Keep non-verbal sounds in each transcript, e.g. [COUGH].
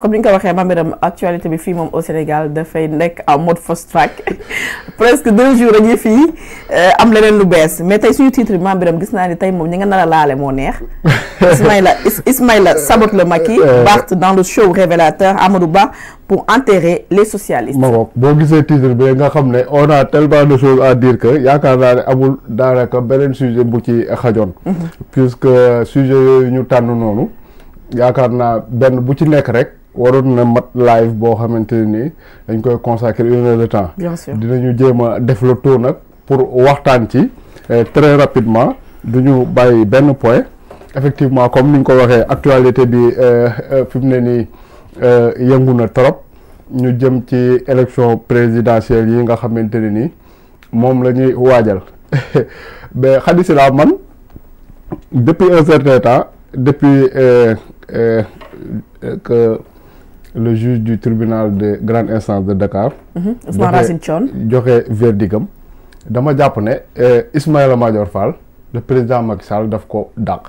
comme di nga ko waxee Mame Birame actualité bi fii moom au Sénégal dafay nekk en mode fast track [LAUGHS] presque deux jours a ñu fii euh, am leneen lu bees mais tey suñu titre bi Mame gis naa ni tey moom ñi nga nar laale moo neex [LAUGHS] Ismaïla la sabote le maquis euh, Barth euh. dans le show révélateur Amadou Ba pour enterrer les socialistes. ma boog boo gisee titre bi nga xam ne on a tellement de choses à dire que yaakaar naa ne amul daanaka beneen sujet bu ci xajoon. Mhm. puisque sujet yooyu tànn noonu yaakaar naa benn bu ci nekk rek. waroon na mat live boo xamante ne nii dañ koy consacrer une de temps. bien sûr dinañu jéem a def le tour nag pour waxtaan ci eh, très rapidement du ñu bàyyi benn point effectivement comme ni nga ko waxee actualité bi eh, eh, fi mu ne nii yëngu na trop ñu jëm ci élection présidentielle yi nga xamante ne nii moom la ñuy waajal [LAUGHS] mais xadisi man depuis un certain temps depuis le juge du tribunal de grande instance de Dakar. Mhm. Ousmane Racine Thion joxe verdict am dama jàpp ne eh, Ismaïla Madior Fall le président Macky Sall daf ko dàq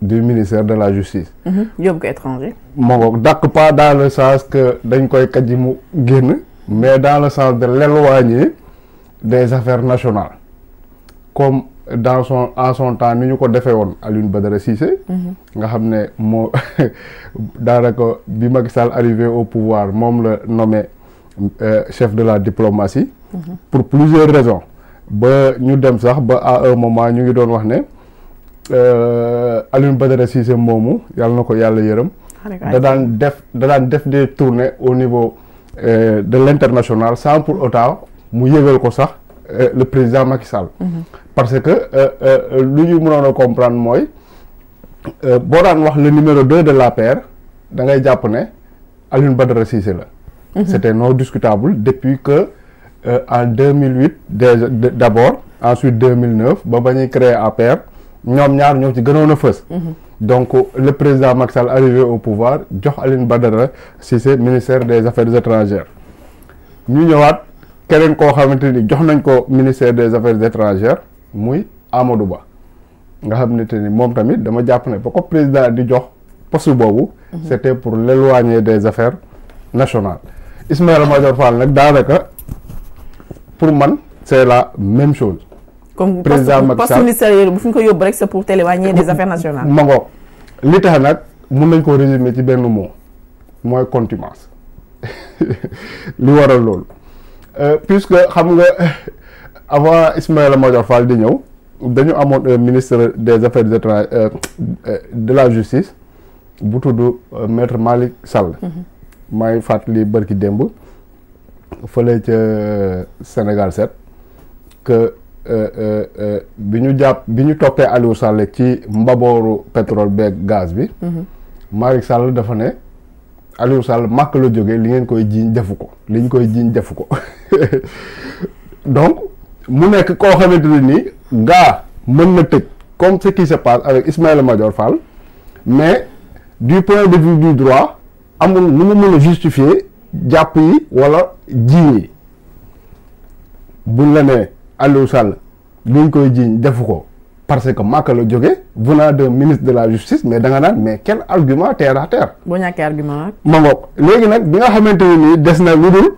du ministère de la justice. Mhm. yóbbu ko étranger. moo ko pas dans le sens que dañ koy kàjji mu génn. mais dans le sens de l'éloigner des affaires nationales dans son en son temps ni ñu ko defee woon Alioune Badara Cissé. nga xam ne moo [LAUGHS] daanaka bi Macky Sall arrivé au pouvoir moom la nommé euh, chef de la diplomatie. pour plusieurs raisons. ba ñu dem sax ba à un moment ñu ngi doon wax ne euh, Alioune Badara Cissé moomu yàlla na ko yàlla yërëm. da daan def da daan def des tournées au niveau euh, de linternational international sans pour autant mu yëgal ko sax le président Macky Sall. Mhm. parce que euh, euh, lu ñu mënoon a comprendre mooy euh, boo daan wax le numéro 2 de l'APR da ngay jàpp ne Alioune Badara Cissé la. Mhm. c'était non discutable depuis que euh, en 2008 déjà d'abord ensuite 2009 ba ba ñuy créer APR ñoom ñaar ñoo ci gënoon a fës. Mhm. donc le président Macky Sall arrivé au pouvoir jox Alioune Badara Cissé ministère des affaires étrangères ñu ñëwaat keneen koo xamante ni jox nañ ko ministère des affaires étrangères. muy Amadou Ba nga xam ne te ni moom tamit dama jàpp na ba ko président di jox poste boobu. Mhm. c'était pour l'éloigner des affaires nationales. Ismaïla Madior Fall nag daanaka pour man c'est la même chose. comme président Macky Sall poste ministériel bu fi ñu ko yóbbu rek c'est pour l'éloigner des affaires nationales. ma ngoog li tax nag mun nañ koo résumer ci benn moo mooy contumace [LAUGHS] li waral loolu euh, puisque xam nga. [LAUGHS] avant Ismaïla Madior Fall di ñëw dañu amoon ministre des affaires étrangères euh, euh, de la justice bu tudd euh, maître Malick Sall. Mhm. maa ngi fàttali bërki démb fële ca Sénégal set que bi ñu jàpp bi ñu toppee Aliou Sall ci mbabooru pétrole beeg gaz bi. Mhm. Malick Sall dafa ne Aliou Sall màkk la jógee li ngeen koy jiiñ defu ko li ñu koy jiiñ defu ko [LAUGHS] donc. mu nekk koo xamante ne nii gaa mën na tëj comme ce qui se passe avec Ismaïla Madior Fall mais du point de vue du droit amul nu mu mën a justifier jàpp yi wala jiiñ yi buñ la nee Aliou Sall luñ koy jiiñ defu ko parce que màkk la jóge venant de ministre de la justice mais danga naan mais quel argument terre à terre. boo ñàkkee argument nag. ma ngoog léegi nag bi nga xamante nii des na lu dul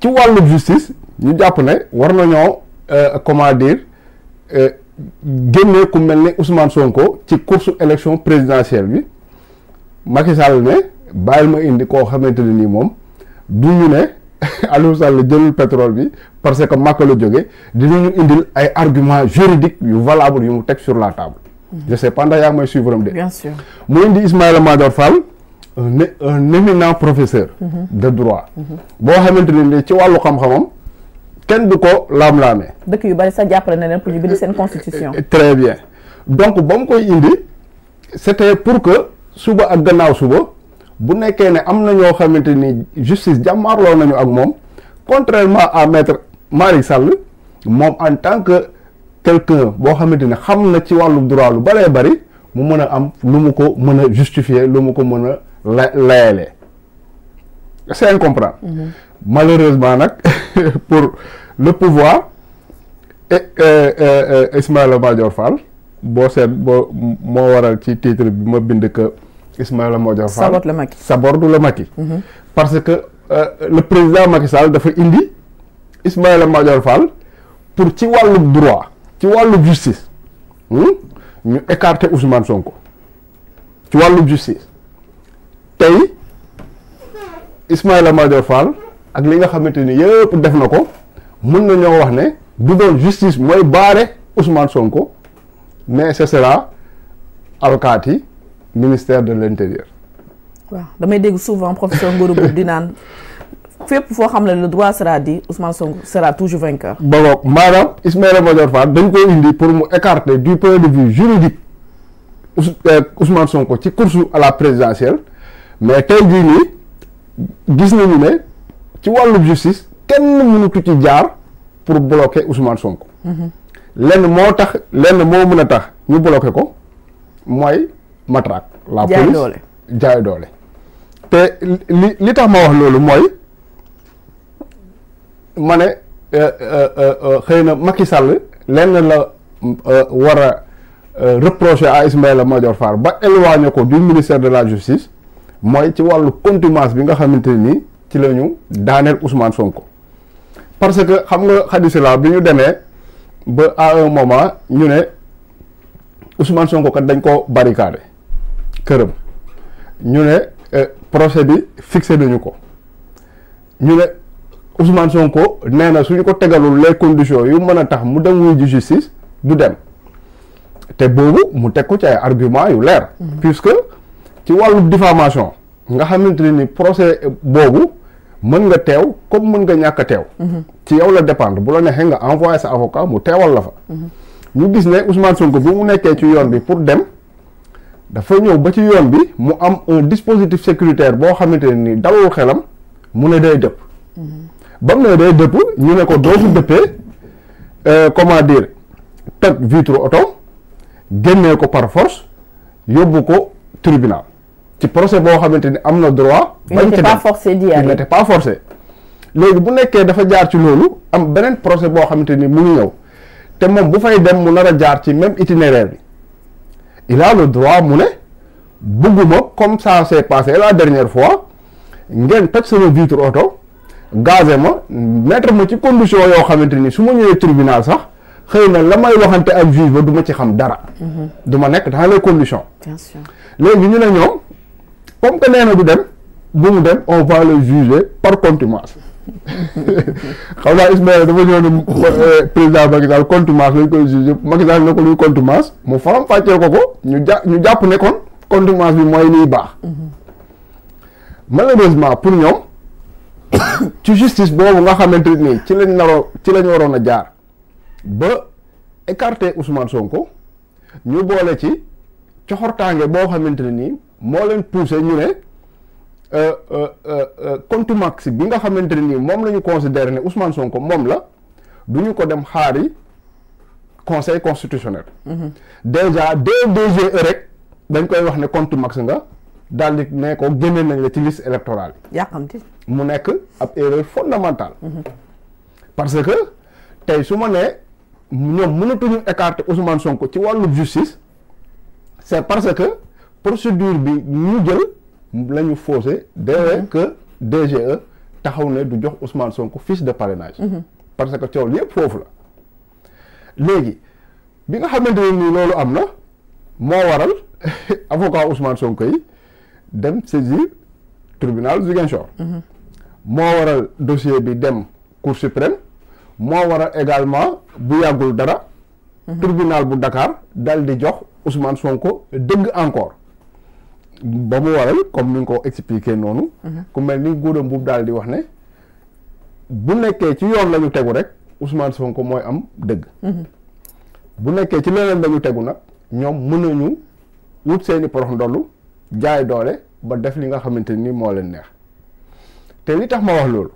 ci wàllu justice. ñu jàpp ne war nañoo euh, comment dire euh, génne ku mel ne Ousmane Sonko ci course élection présidentielle bi Macky Sall ne bàyyil ma indi koo xamante ne nii moom du ñu ne [LAUGHS] Aliou Sall jëlul pétrole bi parce que Macky la jóge ñu indil ay arguments juridiques yu valable yu mu teg sur la table. Mm-hmm. je sais pas yaa may suivre am de. bien sûr mu indi Ismaïla Madior Fall. un éminent professeur. Mm-hmm. de droit. Mm-hmm. boo xamante ne nii ci wàllu xam-xamam. kenn du ko laam-laamee. dëkk yu bari sax jàppale na leen pour ñu bind seen constitution. Eh, eh, très bien donc ba mu koy indi c'était pour que suba ak gannaaw suba bu nekkee ne am na ñoo xamante ni justice jàmmaarloo nañu ak moom contrairement à maître Malick Sall moom en tant que quelqu'un boo xamante ni xam na ci wàllu droit lu baree bari mu mën a am lu mu ko mën a justifier lu mu ko mën a la layalee c'est incompréhensible mm-hmm. malheureusement nag. [LAUGHS] [LAUGHS] pour le pouvoir et euh, euh, euh, Ismaïla Madior boo seet boo moo waral ci titre bi ma bind que Ismaïla Madior Fall saborde le Macky saborde mhm. parce que le président Macky Sall dafa indi Ismaïla Madior Fall pour ci wàllub droit ci wàllub justice hmm, ñu écarter Ousmane Sonko ci wàllub justice tey Ismaïla Madior Fall ak li nga xamante ni yëpp def na ko mën na ñoo wax ne du doon justice mooy baare Ousmane Sonko mais ce sera avocat ministère de l'intérieur. waaw damay dégg souvent professeur Ngorou Mbodj di naan fépp foo xam ne le droit sera dit Ousmane Sonko sera toujours vainqueur. ba boog maanaam Ismaïla Madior Fall dañ koy indi pour mu écarter du point de vue juridique euh, Ousmane Sonko ci course à la présidentielle mais tey jii nii gis nañu ne. ci wàllu justice kenn mënutu ci jaar pour bloquer Ousmane Sonko. lenn moo tax lenn moo mën a tax ñu bloquer ko mooy matraque. la police jaay doole. te li li tax ma wax loolu mooy ma ne euh, euh, euh, xëy na Macky Sall lenn la war a reprocher à Ismaïla Madior Fall ba éloigné ko du ministère de la justice mooy ci wàllu contimence bi nga xamante nii ci la ñu daaneel Ousmane Sonko parce que xam nga xadisi bi ñu demee ba à un moment ñu ne Ousmane Sonko kat dañ ko barricade këram ñu ne euh, procès bi fixé nañu ko ñu ne Ousmane Sonko nee na suñu ko tegalul les conditions yu mën a tax mu dem wuy ji justice du dem te boobu mu teg ko ci ay argument yu leer mm-hmm. puisque ci wàllu diffamation nga xamante ne ni procès boobu mën nga teew comme mën nga ñàkk a teew. Mhm. ci yow la dépendre bu la neexee nga envoyé sa avocat mu teewal la fa. Mhm. ñu gis ne Ousmane Sonko bi mu nekkee ci yoon bi pour dem dafa ñëw ba ci yoon bi mu am un dispositif sécuritaire boo xamante ne ni dalul xelam mu ne day dëpp. Mhm. ba mu ne day dëpp ñu ne ko doo fi dëppee euh, comment dire toj vitre oto génnee ko par force yóbbu ko tribunal. ci procès boo xamante ni am na droit. bañ ci dem il n'était pas forcé léegi bu nekkee dafa jaar ci loolu am beneen procès boo xamante ni mu ngi ñëw te moom bu fay dem mu nar a jaar ci même itinéraire bi il a droit mu ne bëgguma comme ça s'est passé la dernière fois ngeen toj sama vitre oto gazé ma mettre ma ci condition yoo xamante ni su ma ñëwee tribunal sax xëy na la may waxante ak juge ba du ma ci xam dara. Mhm. du nekk dans les conditions. bien léegi ñu ne ñoom. comme que nee na du dem bu mu dem on va le juger par contumace [LAUGHS] xam naa Ismaël dafa ñëw ne euh, président Macky Sall contumace lañ koy juger Macky Sall ne ko luy contumace mu faram fàccee ko ko ñu jà ñu jàpp ne kon contumace bi mooy liy baax mhm. malheureusement pour ñoom [COUGHS] ci justice boobu nga xamante ni ci lañ naroo ci lañ waroon a jaar ba écarter Ousmane Sonko ñu boole ci coxortaange boo xamante ne nii moo leen poussé ñu ne euh, euh, euh, contumax bi nga xamante ne nii moom la ñu considéré ne Ousmane Sonko moom la du ñu ko dem xaari conseil constitutionnel. Mhm. déjà dès DGE rek dañ koy wax ne contumax nga daal di ne ko génne nañ la ci liste électorale bi. yàqamti mu nekk ab erreur fondamentale. Mhm. parce que tey su ma nee ñoom mënatuñu écarter Ousmane Sonko ci wàllu justice c'est parce que. procédure bi ñu jël la ñu faussé dès e mhm. que DGE taxaw ne du jox Ousmane Sonko fiche de parrainage mhm. parce que coow yëpp foofu la léegi bi nga xamante ne nii loolu am na moo waral [LAUGHS] avocat Ousmane Sonko yi dem saisir tribunal Ziguinchor mhm. moo waral dossier bi dem cour suprême moo waral également bu yàggul dara tribunal bu Dakar dal di jox Ousmane Sonko dëgg encore ba mu waral comme ni nga ko expliqué noonu. Mhm. ku mel ni góoram boobu daal di wax ne. bu nekkee ci yoon la ñu tegu rek Ousmane sonk mooy am dëgg. Mhm. bu nekkee ci leneen la ñu tegu nag ñoom mën nañu wut seeni porox ndollu jaay doole ba def li nga xamante ni moo leen neex te li tax ma wax loolu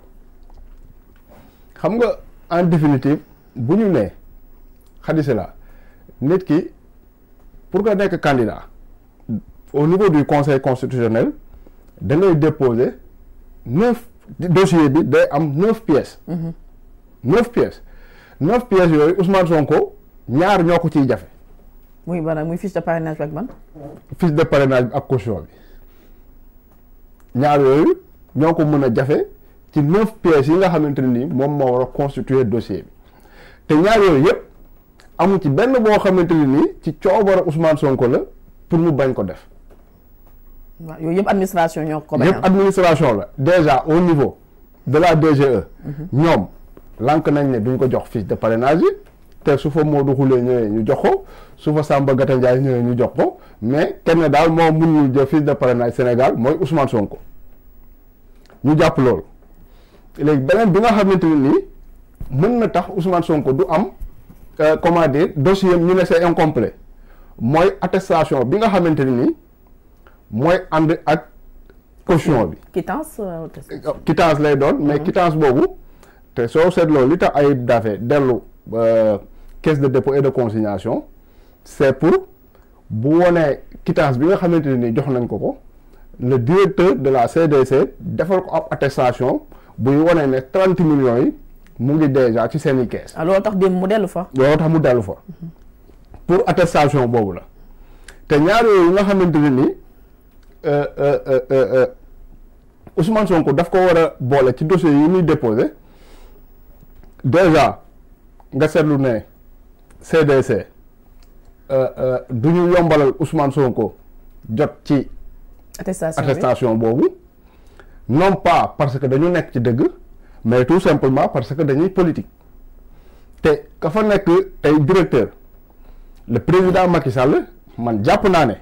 xam nga en bu ñu nee xadisi la nit ki pour nga nekk candidat. au niveau du conseil constitutionnel da ngay déposer neuf dossier bi day am neuf pièces. Mhm. neuf pièces neuf pièces yooyu Ousmane Sonko ñaar ñoo ko ciy jafe. muy ban muy fiche de parrainage bi ak ban. fiche de parrainage bi ak caution bi ñaar yooyu ñoo ko mën a jafe ci neuf pièces yi nga xamante ne ni moom moo war a constituer dossier bi te ñaar yooyu yëpp amu ci benn boo xamante ne ni ci coobara Ousmane Sonko la pour mu bañ ko def. waaw yooyu yëpp administration ñoo ko bañal yëpp administration la déjà au niveau de la DGE. ñoom lànk nañ ne duñ ko jox fiche de parrainage yi te su fa Modou Khoule ñëwee ñu jox ko su fa Samba Gata Ndiaye ñu jox ko mais kenn daal moo mënul jël fiche de parrainage Sénégal mooy Ousmane Sonko ñu jàpp loolu léegi beneen bi nga xamante ne mën na tax Ousmane Sonko du am euh, comment dire ñu ne see incomplet mooy attestation bi nga xamante ne nii. mooy ànd ak caution bi. quittance euh, euh, quittance lay doon mais mhm. quittance boobu te soo seetloo li tax ay dafe dellu caisse de dépôt et de consignation c'est pour bu wonee quittance bi nga xamante ne ni jox nañ ko ko le directeur de la CDC defal ko ab attestation buy wonee ne trente millions yi mu ngi déjà ci seen i caisse. Ah, loolu tax dem mu dellu fa. loolu tax mu dellu fa mhm. pour attestation boobu la te ñaar yooyu nga xamante ne Euh, euh, euh, Ousmane Sonko daf ko war a boole ci dossier yi muy déposé déjà nga seetlu ne CDC du ñu yombalal Ousmane Sonko jot ci. attestation attestation boobu. non pas parce que dañu nekk ci dëgg mais tout simplement parce que dañuy politique te ka fa nekk tey directeur le président Macky Sall man jàpp naa ne.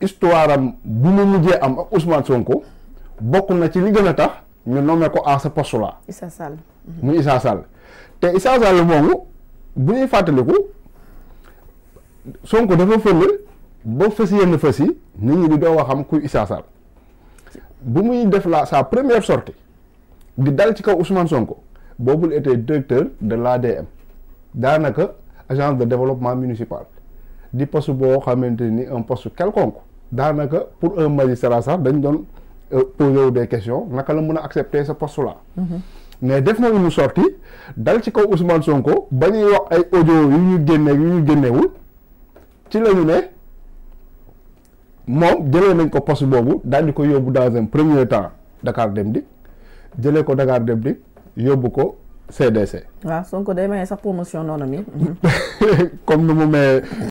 histoire am bu mu mujjee am ak Ousmane Sonko bokk na ci li gën a tax ñu nommé ko à ce poste là. mu Sall. muy Issa Sall te Issa Sall moomu bu ñuy fàttaliku Sonko dafa fël ba fës yenn fës yi nit ñi di doog a xam kuy Issa Sall bu muy def la sa première sortie di dal ci kaw Ousmane Sonko boobul était directeur de am daanaka agence de développement municipal di post boo xamante ni un poste quelconque daanaka pour un magistrat sax dañ doon euh, poser wu des naka la mun a accepter ce poste là. Mhm. mais def na une sortie dal ci kaw Ousmane Sonko ba ñuy wax ay audio yu ñu génne yu ñu génnewul ci la ne moom jëlee nañ ko post boobu daal di ko yóbbu dans un premier temps Dakar Dem Dikk jëlee ko Dakar Dem Dikk yóbbu ko CDC. waaw Sonko day maye sax promotion noonu mi. [LAUGHS] [LAUGHS] comme nu mu mayee